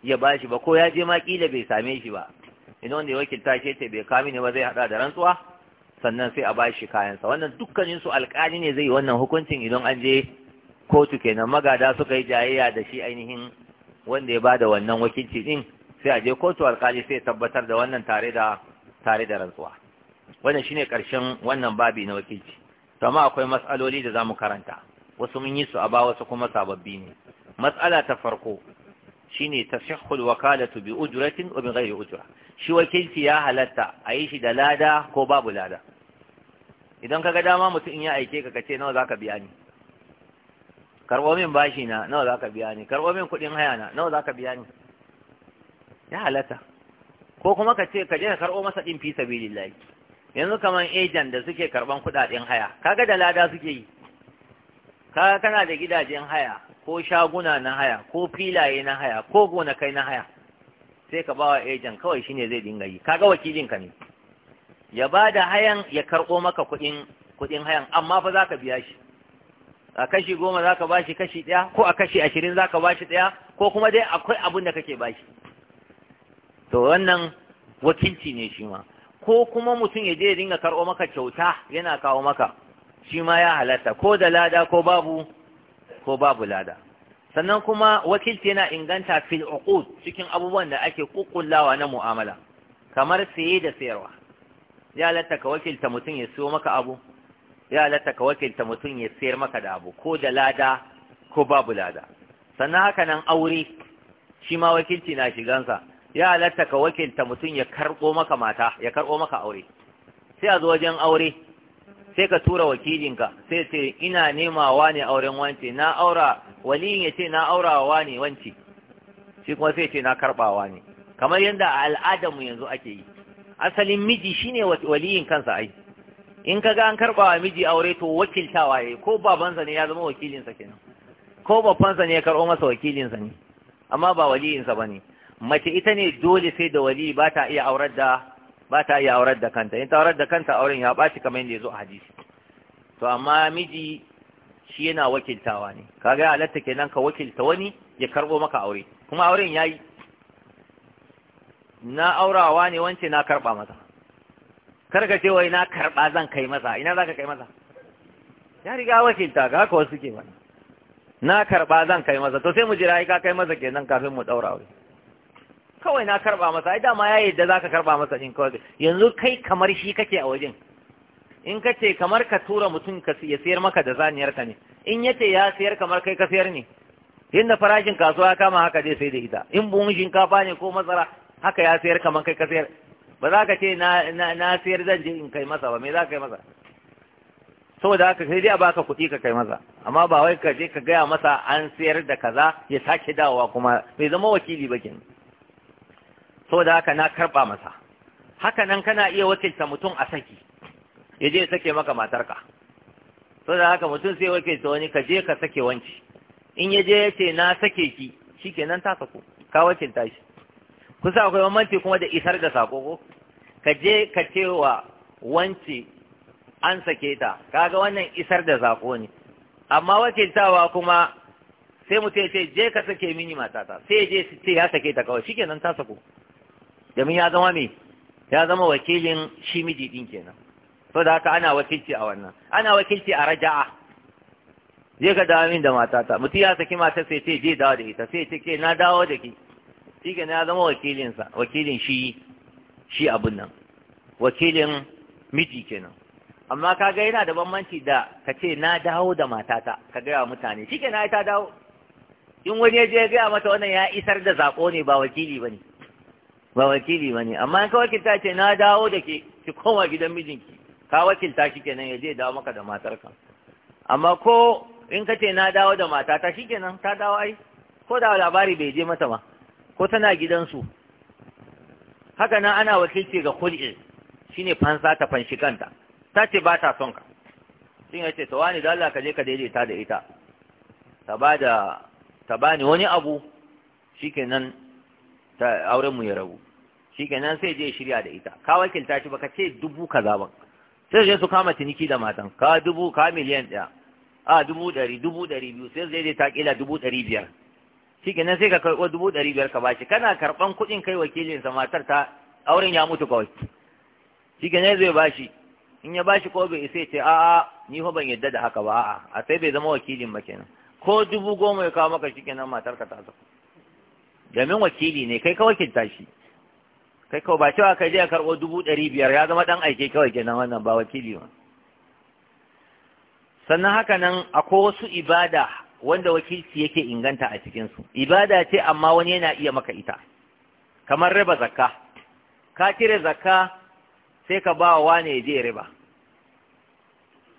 ya ba shi ba ko ya je ma kila bai same shi ba idan wanda ya wakilta shi ce bai kami ne ba zai hada da rantsuwa sannan sai a ba kayansa wannan dukkaninsu alƙali ne zai yi wannan hukuncin idan an je kotu kenan magada suka yi jayayya da shi ainihin wanda ya bada wannan wakilci din sai a je kotu alkali sai tabbatar da wannan tare da tare da rantsuwa wannan shine karshen wannan babi na wakilci to amma akwai mas'aloli da zamu karanta wasu mun yi su a ba wasu kuma sababbi ne mas'ala ta farko shine tasihhul wakalatu bi ujratin wa bi ghairi ujra shi wakilci ya halatta a yi shi da lada ko babu lada idan kaga dama mutum in ya aike ka kace nawa zaka biya ni karɓo min bashi na nawa za ka biya ni karɓo min kuɗin haya na nawa za ka biya ni ya halatta ko kuma ka ce ka je ka karɓo masa ɗin fisa biyu, lillahi. yanzu kamar ejan da suke karɓan kuɗaɗen haya kaga da lada suke yi kaga kana da gidajen haya ko shaguna na haya ko filaye na haya ko gonakai na haya sai ka bawa ejan kawai shine zai dinga yi kaga wakilin ka ne ya ba da hayan ya karɓo maka kuɗin kuɗin hayan amma fa za ka biya shi a kashi goma za ka ba shi kashi ɗaya ko a kashi ashirin za ka ba shi ɗaya ko kuma dai akwai abin da kake ba shi to wannan wakilci ne shi ma ko kuma mutum ya je ya dinga karɓo maka kyauta yana kawo maka shi ma ya halatta ko da lada ko babu ko babu lada sannan kuma wakilci yana inganta fil uqud cikin abubuwan da ake kukullawa na mu'amala kamar saye da sayarwa ya halatta ka wakilta mutum ya siyo maka abu ya halatta ka wakilta mutum ya sayar maka da abu ko da lada ko babu lada sannan haka nan aure shi ma wakilci na shigansa ya halatta ka wakilta mutum ya karɓo maka mata ya karɓo maka aure sai a zo wajen aure sai ka tura wakilinka sai ce ina nema wa ne auren wance na aura waliyin ya ce na aura wa ne wance shi kuma sai ce na karɓawa ne kamar yadda a al'adarmu yanzu ake yi asalin miji shine waliyin kansa ai in kaga an karba wa miji aure to wakiltawa yayi ko babansa ne ya zama wakilinsa kenan ko babbansa ne ya karɓo masa wakilinsa ne amma ba waliyinsa ba ne mace ita ne dole sai da wali ba ta iya aurar da ba ta iya aurar da kanta in ta aurar da kanta auren ya ɓaci kamar yadda ya zo a hadisi to amma miji shi yana wakiltawa ne kaga ga halatta kenan ka wakilta wani ya karɓo maka aure kuma auren ya yi na aurawa ne wance na karɓa masa kar ka ce wai na karɓa zan kai masa ina za ka kai masa ya riga wakilta ga haka wasu ke mana na karɓa zan kai masa to sai mu jira ka kai masa kenan kafin mu ɗaura wai kawai na karɓa masa ai dama ya yadda za ka karɓa masa ɗin kawai yanzu kai kamar shi kake a wajen in ka ce kamar ka tura mutum ya sayar maka da zaniyar ka ne in ya ce ya sayar kamar kai ka sayar ne yadda farashin kasuwa kama haka zai sai da ita in buhun shinkafa ne ko matsara haka ya sayar kamar kai ka sayar ba za ka ce na sayar zan je in kai masa ba me za ka kai masa saboda haka sai dai a baka kuɗi ka kai masa amma ba wai ka je ka gaya masa an sayar da kaza ya sake dawowa kuma bai zama wakili ba kenan saboda haka na karɓa masa haka nan kana iya wakilta mutum a saki ya je sake maka matarka saboda haka mutum sai wakilta wani ka je ka sake wanci in ya je ya ce na sake ki shikenan ta sako ka wakilta shi kusa akwai bambanci kuma da isar da sako ko ka je ka cewa wance an sake ta kaga wannan isar da sako ne amma tawa kuma sai mutum ya ce je ka sake mini matata sai je su ce ya sake ta kawai shikenan ta sako domin ya zama me ya zama wakilin shi miji din kenan so da haka ana wakilci a wannan ana wakilci a raja'a je ka dawo min da matata mutum ya saki mata sai ce je dawo da ita sai ce ke na dawo da ki shi ga ya zama wakilinsa wakilin shi shi abin nan wakilin miji kenan amma kaga yana da bambanci da ka ce na dawo da matata ka gaya wa mutane shi ke na ta dawo in wani ya je ya gaya mata wannan ya isar da zaƙo ne ba wakili ba ne ba wakili ba ne amma in ka wakilta ce na dawo da ke ki koma gidan mijinki ka wakilta shi kenan ya je dawo maka da matarka amma ko in ka ce na dawo da matata shi kenan ta dawo ai ko da labari bai je mata ba ko tana gidansu haka nan ana wakilci ga kul'i shine fansa ta fanshi kanta ta ce ba ta son ka shin ya ce wani da Allah ka je ka daidaita da ita ta ba da ta bani wani abu shikenan ta auren mu ya rabu shikenan sai je shirya da ita ka wakilta shi baka ce dubu kaza ba sai je su kama tiniki da matan ka dubu ka miliyan daya a dubu dari dubu dari biyu sai zai ta kila dubu dari biyar nan sai ka karɓo dubu ɗari biyar ka bashi kana karɓan kuɗin kai wakilin sa matar ta auren ya mutu kawai nan zai bashi in ya bashi ko bai isa ce a'a ni fa ban yadda da haka ba a'a a sai bai zama wakilin ba kenan ko dubu goma ya kawo maka nan matar ka ta zaku domin wakili ne kai ka wakilta shi kai kawai ba cewa kai je ka karɓo dubu ɗari biyar ya zama ɗan aike kawai kenan wannan ba wakili ba sannan haka nan akwai wasu ibada wanda wakilci yake inganta a cikinsu ibada ce amma wani yana iya maka ita kamar riba zakka ka cire zakka sai ka ba wa ne je riba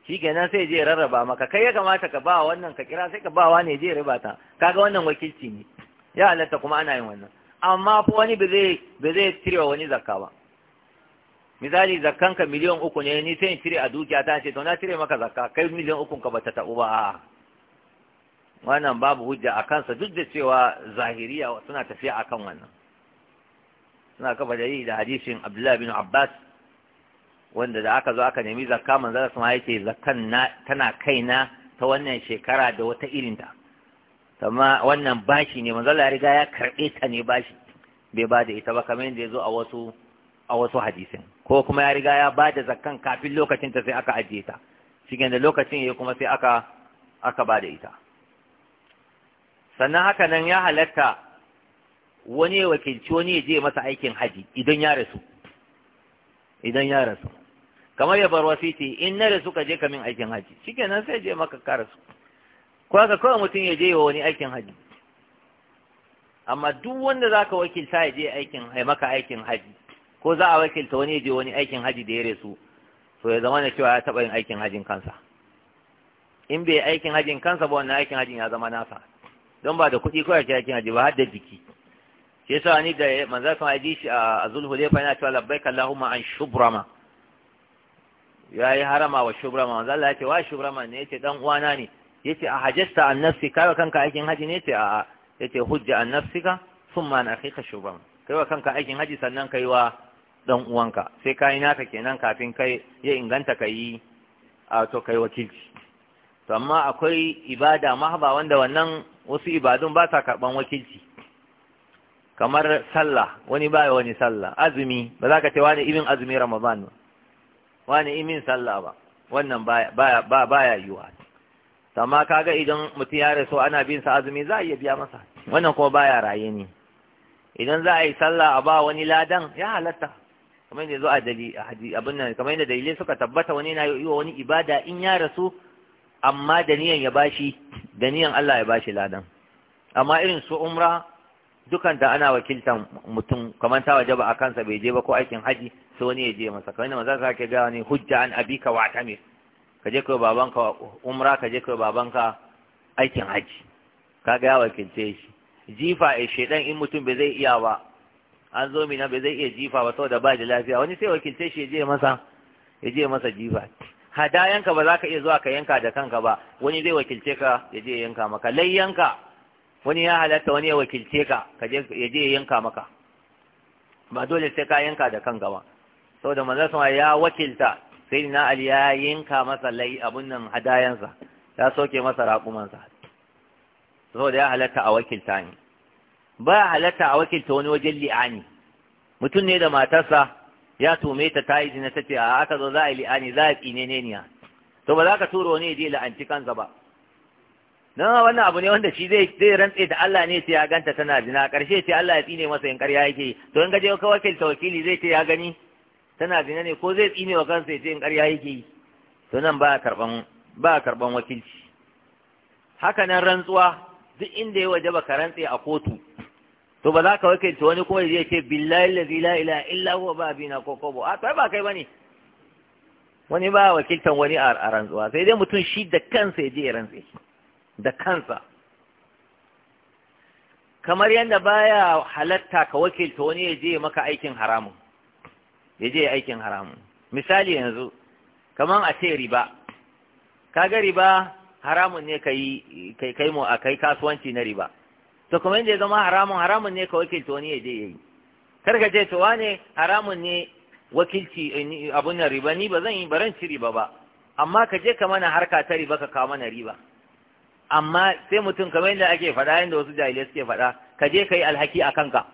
shi kenan sai je rarraba maka kai ya kamata ka ba wa wannan ka kira sai ka ba wa ne je riba ta kaga wannan wakilci ne ya halatta kuma ana yin wannan amma fa wani ba zai ba zai wani zakka ba misali zakkanka miliyan uku ne ni sai in cire a dukiya ta ce to na cire maka zakka kai miliyan uku ka ta taɓu ba a'a wannan babu hujja a kansa duk da cewa zahiriya suna tafiya a kan wannan suna kafa dalili da hadishin abdullahi bin abbas wanda da aka zo aka nemi zakka manzara sama yake zakkan tana kaina ta wannan shekara da wata ta amma wannan bashi ne manzo ya riga ya karɓe ta ne bashi bai bada ita ba kamar yadda ya zo a wasu a wasu hadisin ko kuma ya riga ya bada zakkan kafin lokacin ta sai aka ajiye ta cikin da lokacin ya kuma sai aka aka ba da ita sannan haka nan ya halatta wani ya wakilci wani ya je masa aikin haji idan ya rasu idan ya rasu kamar ya bar ce, in na rasu ka je ka min aikin haji shikenan sai je maka ka rasu ko ka kawai mutum ya je wa wani aikin haji amma duk wanda zaka wakilta ya je aikin ya maka aikin haji ko za a wakilta wani ya je wani aikin haji da ya rasu so ya zama na cewa ya taɓa yin aikin hajin kansa in bai aikin hajin kansa ba wannan aikin hajin ya zama nasa don ba da kuɗi kawai shi aikin haji ba har da jiki shi yasa ni da manzo sun haji shi a zulhulaifa yana cewa kalla allahumma an shubrama Ya yi harama wa shubrama manzo Allah ce wa shubrama ne ce dan uwana ne ce a hajjasta an nafsi kai kanka aikin haji ne yace a yace hujja an nafsika thumma an akhika shubrama kai kanka aikin haji sannan kai wa dan uwanka sai kai naka kenan kafin kai ya inganta kai a to kai wakilci to amma akwai ibada mahaba wanda wannan wasu ibadun ba sa karɓan wakilci kamar sallah wani ba wani sallah azumi ba za ka ce wani imin azumi ramadan ba wani imin sallah ba wannan ba ya yiwa amma kaga idan mutum ya rasu ana bin sa azumi za a iya biya masa wannan kuma ba ya raye ne idan za a yi sallah a ba wani ladan ya halatta kamar yadda zo a dalili abin nan kamar yadda dalilai suka tabbata wani na yi wa wani ibada in ya rasu amma da niyan ya bashi da niyan Allah ya bashi ladan amma irin su umra dukan da ana wakiltan mutum kamar ta waje ba a kansa bai je ba ko aikin haji sai wani ya je masa kamar yadda maza ka ke gawa ne hujja an abika wa tamir ka je kai babanka umra ka je kai babanka aikin haji ka ga ya wakilce shi jifa a shedan in mutum bai zai iya ba an zo mina bai zai iya jifa ba saboda ba da lafiya wani sai wakilce shi ya je masa ya je masa jifa hadayanka ba za ka iya zuwa ka yanka da kanka ba wani zai wakilce ka ya je yanka maka layyanka wani ya halatta wani ya wakilce ka ya je yanka maka ba dole sai ka yanka da kanka ba saboda manzon sama ya wakilta sai na ali ya yanka masa lai abun nan hadayansa ya soke masa raƙumansa saboda ya halatta a wakilta ne ba halatta a wakilta wani wajen li'ani mutum ne da matarsa ya tume ta ta yi zina ta ce a aka zo za a yi li'ani za a tsine ne niya to ba za ka turo wani je la'anci kansa ba na wannan abu ne wanda shi zai zai rantse da Allah ne sai ya ganta tana jina, karshe sai Allah ya tsine masa in ƙarya yake to in ka je ka wakil wakili zai ce ya gani tana jina ne ko zai tsine wa kansa ya ce in ƙarya yake yi to nan ba karban ba karban wakilci haka nan rantsuwa duk inda ya waje baka rantse a kotu to ba za ka wakilta wani kuma zai ce billahi la ila illa huwa ba bina ko kobo a to ba kai bane wani ba wakiltan wani a rantsuwa sai dai mutum shi da kansa ya je ya rantse da kansa kamar yadda baya halatta ka wakilta wani ya je maka aikin haramun ya je aikin haramun misali yanzu kamar a ce riba kaga riba haramun ne kai kai mu akai kasuwanci na riba to kuma inda ya zama haramun haramun ne ka wakilta wani ya je ya yi kar ka ce to wane haramun ne wakilci eh, abun na riba ni ba zan yi baran ci riba ba amma ka je ka mana harka ta riba ka kawo mana riba amma sai mutum kamar yadda ake faɗa yadda wasu jahilai suke faɗa ka je ka yi alhaki a kanka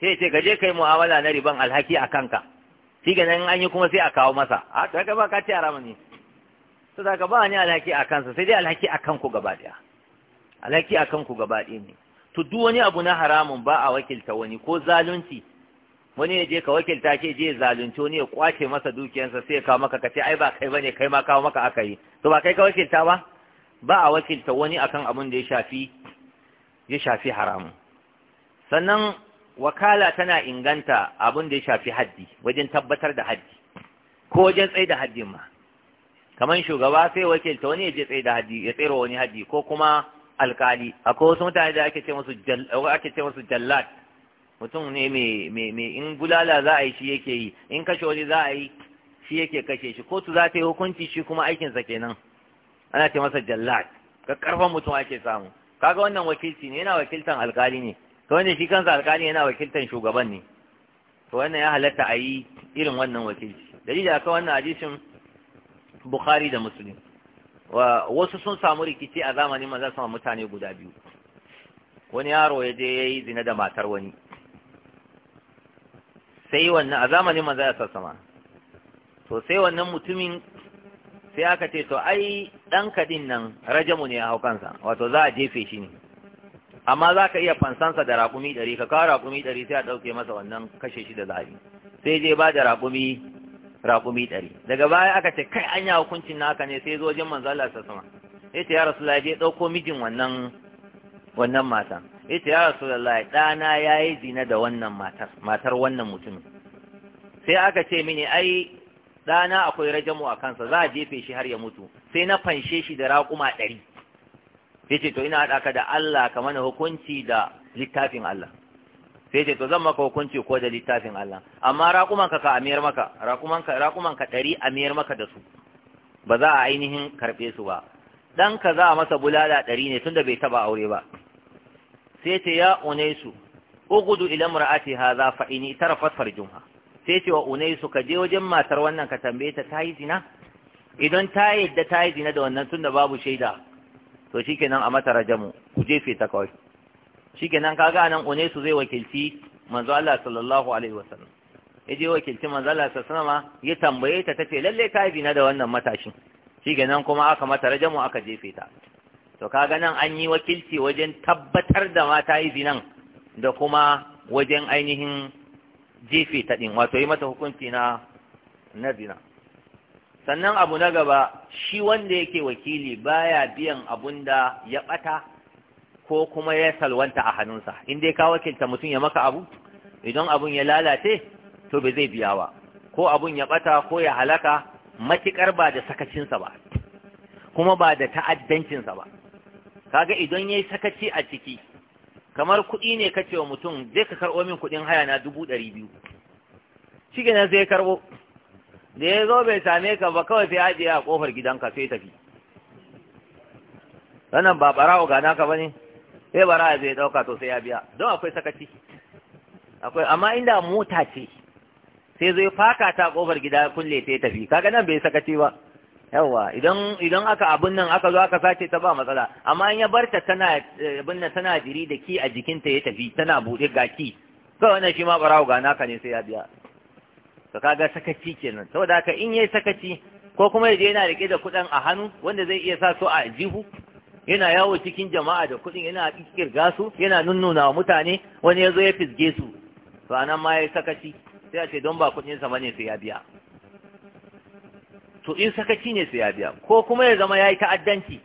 sai ce ka je ka yi mu'amala na riban alhaki a kanka shi nan an yi kuma sai a kawo masa a ta ka ba ka ce haramun ne to da ka ba ni alhaki a kansa sai dai alhaki a kanku gaba ɗaya alaki a kanku gaba ɗaya ne to duk wani abu na haramun ba a wakilta wani ko zalunci wani ya je ka wakilta ke je ya zalunci wani ya kwace masa dukiyansa sai ya kawo maka ce ai ba kai bane kai ma kawo maka aka yi to ba kai ka wakilta ba ba a wakilta wani akan abin da ya shafi ya shafi haramun sannan wakala tana inganta abin da ya shafi haddi wajen tabbatar da haddi ko wajen tsaye da haddin ma kamar shugaba sai wakilta wani ya je tsaye da haddi ya tsere wani haddi ko kuma alkali akwai wasu mutane da ake ce musu ake ce musu jallat mutum ne mai in bulala za a yi shi yake yi in kashe wani za a yi shi yake kashe shi kotu za ta yi hukunci shi kuma aikinsa kenan ana ce masa jallat karfan mutum ake samu kaga wannan wakilci ne yana wakiltan alkali ne to wanda shi kansa alkali yana wakiltan shugaban ne to wannan ya halatta a yi irin wannan wakilci dalilin akan wannan hadisin bukhari da muslim wasu sun samu rikici a zamanin maza sama mutane guda biyu wani yaro ya je ya yi zina da matar wani sai wannan a zamanin maza ya sassama. to sai wannan mutumin sai aka ce to ai dan kadin nan rajamu ne ya hau kansa wato za a jefe shi ne amma za ka iya fansansa da rakumi ɗari ka kawo rakumi ɗari sai a ɗauke masa wannan kashe shi da zaɓi sai je ba da rakumi. raƙumi ɗari daga baya aka ce kai an yi hukuncin haka ne sai zo wajen manzo Allah sa ya ce ya rasulullahi ɗauko mijin wannan wannan matan ya ce ya rasulullahi ɗana ya yi zina da wannan matar matar wannan mutumin sai aka ce mini ai ɗana akwai rajamu a kansa za a jefe shi har ya mutu sai na fanshe shi da raƙuma ɗari ya ce to ina haɗa ka da Allah ka mana hukunci da littafin Allah sai ce to zan maka hukunci ko da littafin Allah amma raƙumanka ka amiyar maka raƙumanka raƙumanka ɗari amiyar maka da su ba za a ainihin karɓe su ba dan ka za a masa bulala ɗari ne tunda bai taba aure ba sai ce ya unaisu ugudu ila mar'ati hadha fa ini tarafat farjumha sai ce wa unaisu ka je wajen matar wannan ka tambaye ta tayi zina idan ta yadda ta yi zina da wannan tunda babu shaida to shikenan a mata rajamu ku jefe ta kawai shikenan kaga anan Onesu zai wakilci manzo Allah sallallahu alaihi wasallam je wakilci manzo Allah sallallahu alaihi wasallam ya tambaye ta tace lalle kai bi na da wannan matashin shikenan kuma aka mata rajamu aka jefe ta to kaga nan an yi wakilci wajen tabbatar da mata yi nan da kuma wajen ainihin jefe ta din wato yi mata hukunci na na zina sannan abu na gaba shi wanda yake wakili baya biyan abun da ya bata ko kuma ya salwanta a hannunsa in dai ka wakilta mutum ya maka abu idan abun ya lalace to bai zai biya ba ko abun ya bata ko ya halaka matikar ba da sakacinsa ba kuma ba da ta'addancinsa ba kaga idan yayi sakaci a ciki kamar kuɗi ne kace wa mutum zai ka karɓo min kuɗin haya na dubu ɗari biyu shi kenan sai karɓo da ya zo bai same ka ba kawai sai ajiye a ƙofar gidanka sai tafi wannan ba ɓarawo gana ka ba ne sai bara ya zai dauka to sai ya biya don akwai sakaci akwai amma inda mota ce sai zai faka ta kofar gida kulle sai tafi kaga nan bai sakaci ba yawa idan idan aka abun nan aka zo aka sace ta ba matsala amma in ya barta tana eh, abun nan tana jiri da ki a ta ya tafi tana bude ga ki kawai wannan shi ma bara ga naka ne sai ya biya to kaga sakaci kenan saboda haka in yayi sakaci ko kuma yaje yana rike da kuɗin a hannu wanda zai iya sa su a jihu yana yawo cikin jama'a da kuɗin yana ƙirƙir su yana nunnuna wa mutane wani ya zo ya fisge su to anan ma ya sakaci sai a ce don ba kuɗin sa ne sai ya biya to in sakaci ne sai ya biya ko kuma ya zama ya yi ta'addanci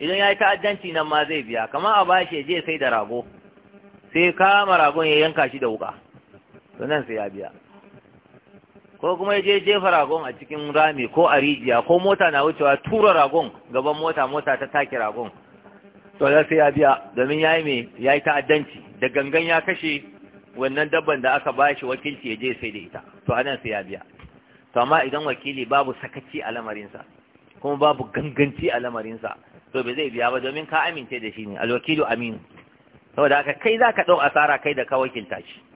idan ya yi ta'addanci nan ma zai biya kamar a bashi je sai da rago sai kama ragon ya yanka shi da wuka to nan sai ya biya ko kuma ya je jefa ragon a cikin rami ko a rijiya ko mota na wucewa tura ragon gaban mota mota ta take ragon to da sai ya biya domin ya yi mai ya yi ta'addanci da gangan ya kashe wannan dabban da aka ba shi wakilci ya je sai da ita to anan sai ya biya to amma idan wakili babu sakaci a lamarinsa kuma babu ganganci a lamarinsa to bai zai biya ba domin ka amince da shi ne alwakilu aminu saboda haka kai zaka ka ɗau asara kai da ka wakilta shi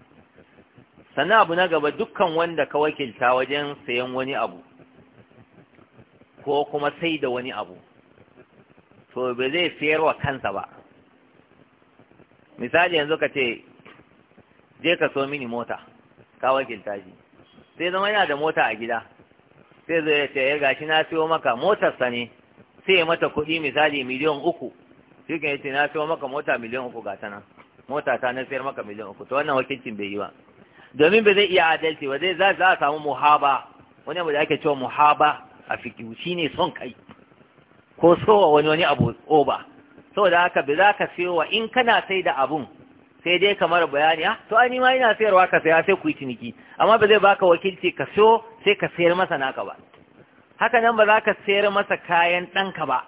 sannan abu na gaba dukkan wanda ka wakilta wajen sayan wani abu ko kuma sai da wani abu to ba zai sayar wa kansa ba misali yanzu ka ce je ka so mini mota ka wakilta shi sai zama yana da mota a gida sai zai ce ya eh, gashi na siyo maka motarsa ne sai mata kuɗi misali miliyan uku shi kan yace na siyo maka mota miliyan uku ga ta nan mota ta na sayar maka miliyan uku to wannan wakilcin bai yi ba domin ba zai iya adalci ba zai za a samu muhaba wani abu da ake cewa muhaba a fikiyu shine son kai ko sowa wani wani abu oba saboda haka ba za ka sayo wa in kana sai da abun sai dai kamar bayani ah to ai ma ina sayarwa ka saya sai ku yi ciniki amma ba zai baka wakilci ka so sai ka sayar masa naka ba haka nan ba za ka sayar masa kayan ɗanka ba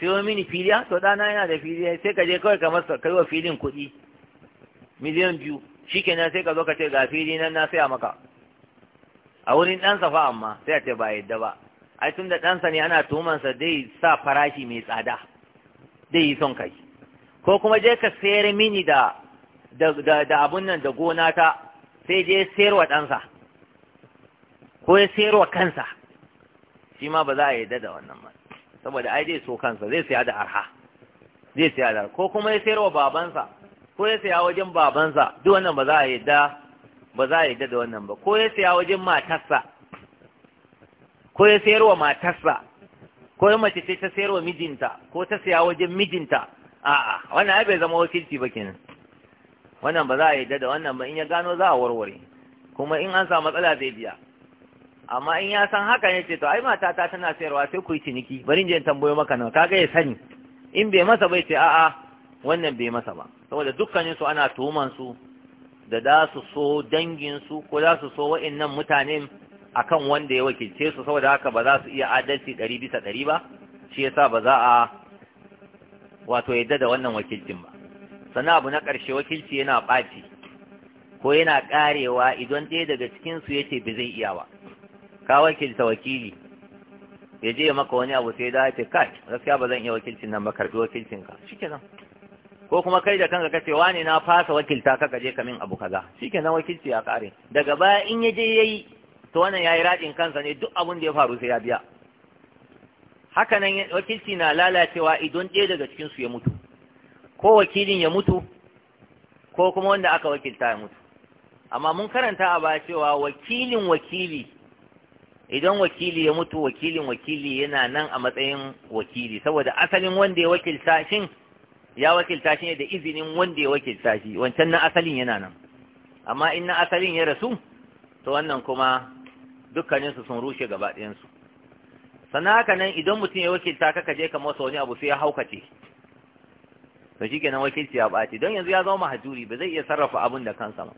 siyo mini filiya to ɗana yana da filiya sai ka je kawai ka masa kai wa filin kuɗi miliyan biyu shikenan sai ka zo ka ce ga fili nan na saya maka a wurin ɗansa fa amma sai a ce ba yadda ba ai tun da ɗansa ne ana tuhumansa dai sa farashi mai tsada dai yi son kai ko kuma je ka sayar mini da da abun nan da gona ta sai je wa ɗansa ko ya sayar wa kansa shi ma ba za a yadda da wannan ba saboda ai zai so kansa zai saya da arha zai saya da ko kuma ya sayar wa babansa ko ya saya wajen babansa duk wannan ba za a yadda ba za a yadda da wannan ba ko ya saya wajen matarsa ko ya sayarwa matarsa ko ya mace ce ta sayarwa mijinta ko ta saya wajen mijinta a'a wannan ai bai zama wakilci ba kenan wannan ba za a yadda da wannan ba in ya gano za a warware kuma in an samu matsala zai biya amma in ya san haka ne ce to ai matata tana sayarwa sai ku yi ciniki bari in je in tambayo maka nawa kaga ya sani in bai masa bai ce a'a wannan bai masa ba saboda dukkanin su ana tuhuman su da za su so dangin su ko za su so wa'annan mutane akan wanda ya wakilce su saboda haka ba za su iya adalci ɗari bisa ɗari ba shi yasa ba za a wato yadda da wannan wakilcin ba sannan abu na ƙarshe wakilci yana ɓaci ko yana ƙarewa idan ɗaya daga cikin su yace ba zai iya ba ka wakilta wakili ya je maka wani abu sai da ya ce kai gaskiya ba zan iya wakilcin nan ba karbi wakilcin ka shikenan ko kuma kai da kanka kace wani na fasa wakilta ka je ka min abu kaza shikenan wakilci ya kare daga baya in ya je yayi to wannan yayi raɗin kansa ne duk abun da ya faru sai ya biya haka nan wakilci na lalacewa idan ɗaya daga cikin su ya mutu ko wakilin ya mutu ko kuma wanda aka wakilta ya mutu amma mun karanta a ba cewa wakilin wakili idan wakili ya mutu wakilin wakili yana nan a matsayin wakili saboda asalin wanda ya wakilta shin ya wakilta shi ne da izinin wanda ya wakilta shi wancan na asalin yana nan amma in na asalin ya rasu to wannan kuma dukkaninsu sun rushe gaba ɗayansu sannan haka nan idan mutum ya wakilta kaka je ka masa wani abu sai ya haukace to shi kenan wakilci ya ɓaci don yanzu ya zama mahajuri ba zai iya sarrafa abun da kansa ba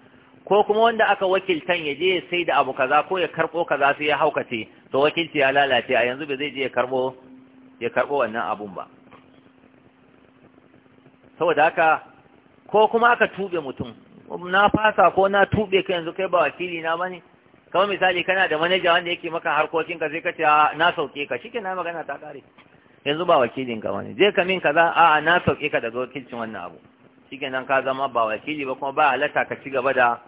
ko kuma wanda aka wakiltan ya je sai da abu kaza ko ya karɓo kaza sai ya haukace to wakilci ya lalace a yanzu ba zai je ya karɓo ya karɓo wannan abun ba saboda haka ko kuma aka tube mutum na fasa ko na tube ka yanzu kai ba wakili na bane kamar misali kana da manaja wanda yake maka harkokin ka sai ka ce na sauke ka shike na magana ta kare yanzu ba wakilin ka bane je ka min kaza a na sauke ka daga wakilcin wannan abu shike nan ka zama ba wakili ba kuma ba halatta ka ci gaba da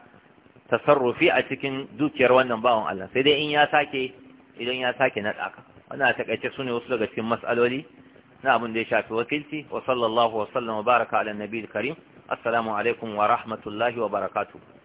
tasarrufi a cikin dukiyar wannan bawan Allah sai dai in ya sake idan ya sake na ka wannan a takaice su wasu daga cikin mas'aloli na abin da ya shafi wakilci wa sallallahu wa sallam baraka ala nabiyil karim assalamu alaikum wa rahmatullahi wa barakatuh